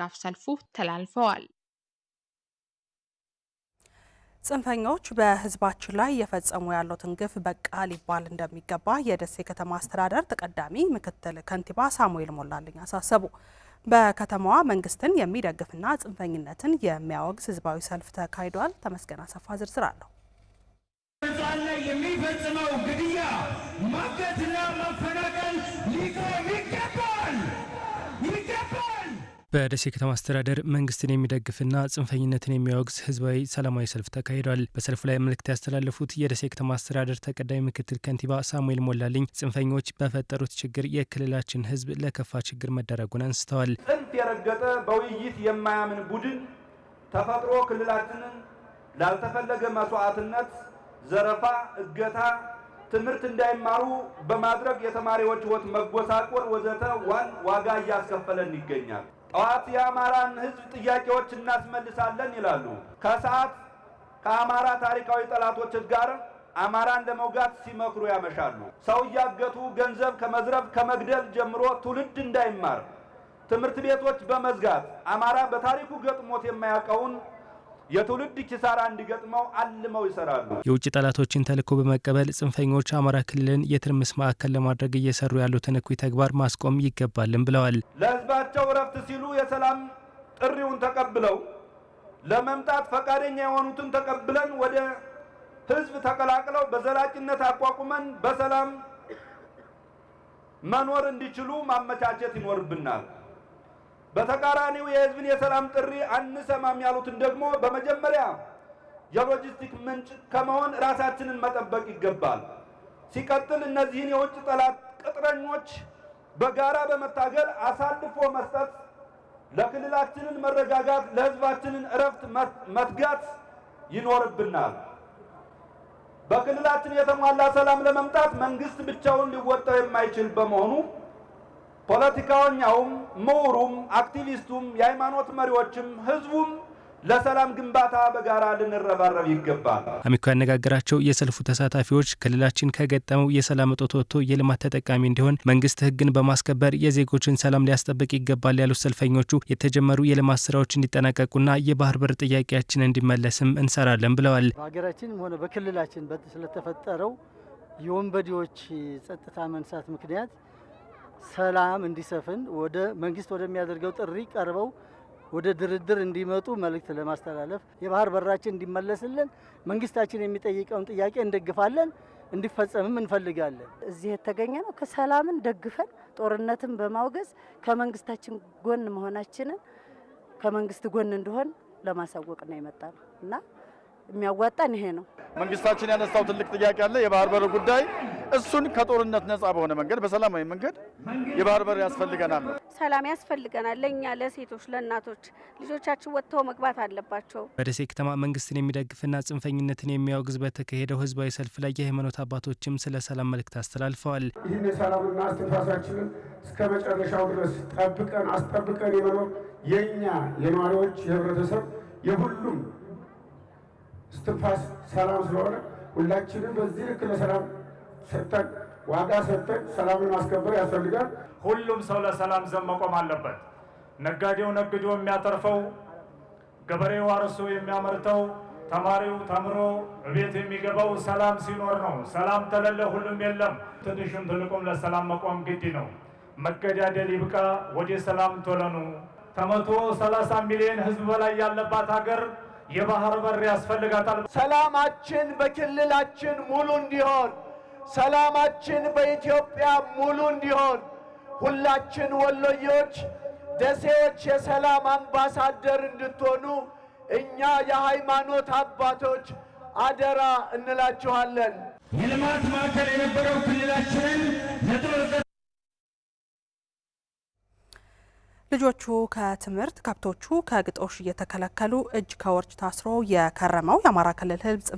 በድጋፍ ሰልፉ ተላልፈዋል። ጽንፈኞች በህዝባችን ላይ እየፈጸሙ ያሉትን ግፍ በቃ ሊባል እንደሚገባ የደሴ ከተማ አስተዳደር ተቀዳሚ ምክትል ከንቲባ ሳሙኤል ሞላልኝ አሳሰቡ። በከተማዋ መንግስትን የሚደግፍና ጽንፈኝነትን የሚያወግዝ ህዝባዊ ሰልፍ ተካሂዷል። ተመስገን አሰፋ ዝርዝር አለሁ። ሕፃን ላይ የሚፈጽመው ግድያ፣ ማገትና መፈናቀል በደሴ ከተማ አስተዳደር መንግስትን የሚደግፍና ጽንፈኝነትን የሚያወግዝ ህዝባዊ ሰላማዊ ሰልፍ ተካሂዷል። በሰልፉ ላይ መልእክት ያስተላለፉት የደሴ ከተማ አስተዳደር ተቀዳሚ ምክትል ከንቲባ ሳሙኤል ሞላልኝ ጽንፈኞች በፈጠሩት ችግር የክልላችን ህዝብ ለከፋ ችግር መደረጉን አንስተዋል። ጥንት የረገጠ በውይይት የማያምን ቡድን ተፈጥሮ ክልላችንን ላልተፈለገ መስዋዕትነት፣ ዘረፋ፣ እገታ፣ ትምህርት እንዳይማሩ በማድረግ የተማሪዎች ህይወት መጎሳቆል ወዘተ ዋን ዋጋ እያስከፈለን ይገኛል። ጠዋት የአማራን ህዝብ ጥያቄዎች እናስመልሳለን ይላሉ። ከሰዓት ከአማራ ታሪካዊ ጠላቶች ጋር አማራን ለመውጋት ሲመክሩ ያመሻሉ። ሰው እያገቱ ገንዘብ ከመዝረፍ ከመግደል ጀምሮ ትውልድ እንዳይማር ትምህርት ቤቶች በመዝጋት አማራ በታሪኩ ገጥሞት የማያውቀውን የትውልድ ኪሳራ እንዲገጥመው አልመው ይሰራሉ። የውጭ ጠላቶችን ተልኮ በመቀበል ጽንፈኞች አማራ ክልልን የትርምስ ማዕከል ለማድረግ እየሰሩ ያሉትን እኩይ ተግባር ማስቆም ይገባልን ብለዋል። ለህዝባቸው እረፍት ሲሉ የሰላም ጥሪውን ተቀብለው ለመምጣት ፈቃደኛ የሆኑትን ተቀብለን ወደ ህዝብ ተቀላቅለው በዘላቂነት አቋቁመን በሰላም መኖር እንዲችሉ ማመቻቸት ይኖርብናል። በተቃራኒው የህዝብን የሰላም ጥሪ አንሰማም ያሉትን ደግሞ በመጀመሪያ የሎጂስቲክ ምንጭ ከመሆን ራሳችንን መጠበቅ ይገባል። ሲቀጥል እነዚህን የውጭ ጠላት ቅጥረኞች በጋራ በመታገል አሳልፎ መስጠት፣ ለክልላችንን መረጋጋት፣ ለህዝባችንን እረፍት መትጋት ይኖርብናል። በክልላችን የተሟላ ሰላም ለመምጣት መንግስት ብቻውን ሊወጣው የማይችል በመሆኑ ፖለቲካውኛውም ምሁሩም አክቲቪስቱም የሃይማኖት መሪዎችም ህዝቡም ለሰላም ግንባታ በጋራ ልንረባረብ ይገባል። አሚኮ ያነጋገራቸው የሰልፉ ተሳታፊዎች ክልላችን ከገጠመው የሰላም እጦት ወጥቶ የልማት ተጠቃሚ እንዲሆን መንግስት ህግን በማስከበር የዜጎችን ሰላም ሊያስጠብቅ ይገባል ያሉት ሰልፈኞቹ የተጀመሩ የልማት ስራዎች እንዲጠናቀቁና የባህር በር ጥያቄያችን እንዲመለስም እንሰራለን ብለዋል። በሀገራችንም ሆነ በክልላችን ስለተፈጠረው የወንበዴዎች ጸጥታ መንሳት ምክንያት ሰላም እንዲሰፍን ወደ መንግስት ወደሚያደርገው ጥሪ ቀርበው ወደ ድርድር እንዲመጡ መልእክት ለማስተላለፍ የባህር በራችን እንዲመለስልን መንግስታችን የሚጠይቀውን ጥያቄ እንደግፋለን፣ እንዲፈጸምም እንፈልጋለን። እዚህ የተገኘ ነው ከሰላምን ደግፈን ጦርነትን በማውገዝ ከመንግስታችን ጎን መሆናችንን ከመንግስት ጎን እንደሆን ለማሳወቅ ነው የመጣ ነው እና የሚያዋጣን ይሄ ነው። መንግስታችን ያነሳው ትልቅ ጥያቄ አለ። የባህር በር ጉዳይ እሱን ከጦርነት ነጻ በሆነ መንገድ በሰላማዊ መንገድ የባህር በር ያስፈልገናል። ሰላም ያስፈልገናል ለእኛ ለሴቶች፣ ለእናቶች ልጆቻችን ወጥተው መግባት አለባቸው። በደሴ ከተማ መንግስትን የሚደግፍና ጽንፈኝነትን የሚያወግዝ በተካሄደው ህዝባዊ ሰልፍ ላይ የሃይማኖት አባቶችም ስለ ሰላም መልእክት አስተላልፈዋል። ይህን የሰላምና እስትንፋሳችንን እስከ መጨረሻው ድረስ ጠብቀን አስጠብቀን የመኖር የእኛ የነዋሪዎች የህብረተሰብ የሁሉም እስትንፋስ ሰላም ስለሆነ ሁላችንም በዚህ ልክ ለሰላም ሰጠን ዋጋ ሰጠን ሰላምን ማስከበር ያስፈልጋል። ሁሉም ሰው ለሰላም ዘብ መቆም አለበት። ነጋዴው ነግዶ የሚያተርፈው፣ ገበሬው አርሶ የሚያመርተው፣ ተማሪው ተምሮ እቤት የሚገባው ሰላም ሲኖር ነው። ሰላም ተለለ ሁሉም የለም። ትንሹም ትልቁም ለሰላም መቆም ግድ ነው። መገዳደል ይብቃ፣ ወደ ሰላም ቶለኑ። ከመቶ ሰላሳ ሚሊዮን ሕዝብ በላይ ያለባት ሀገር የባህር በር ያስፈልጋታል። ሰላማችን በክልላችን ሙሉ እንዲሆን፣ ሰላማችን በኢትዮጵያ ሙሉ እንዲሆን ሁላችን ወሎዮች፣ ደሴዎች የሰላም አምባሳደር እንድትሆኑ እኛ የሃይማኖት አባቶች አደራ እንላችኋለን። የልማት ማዕከል የነበረው ክልላችንን ልጆቹ ከትምህርት ከብቶቹ ከግጦሽ እየተከለከሉ እጅ ከወርች ታስሮ የከረመው የአማራ ክልል ህዝብ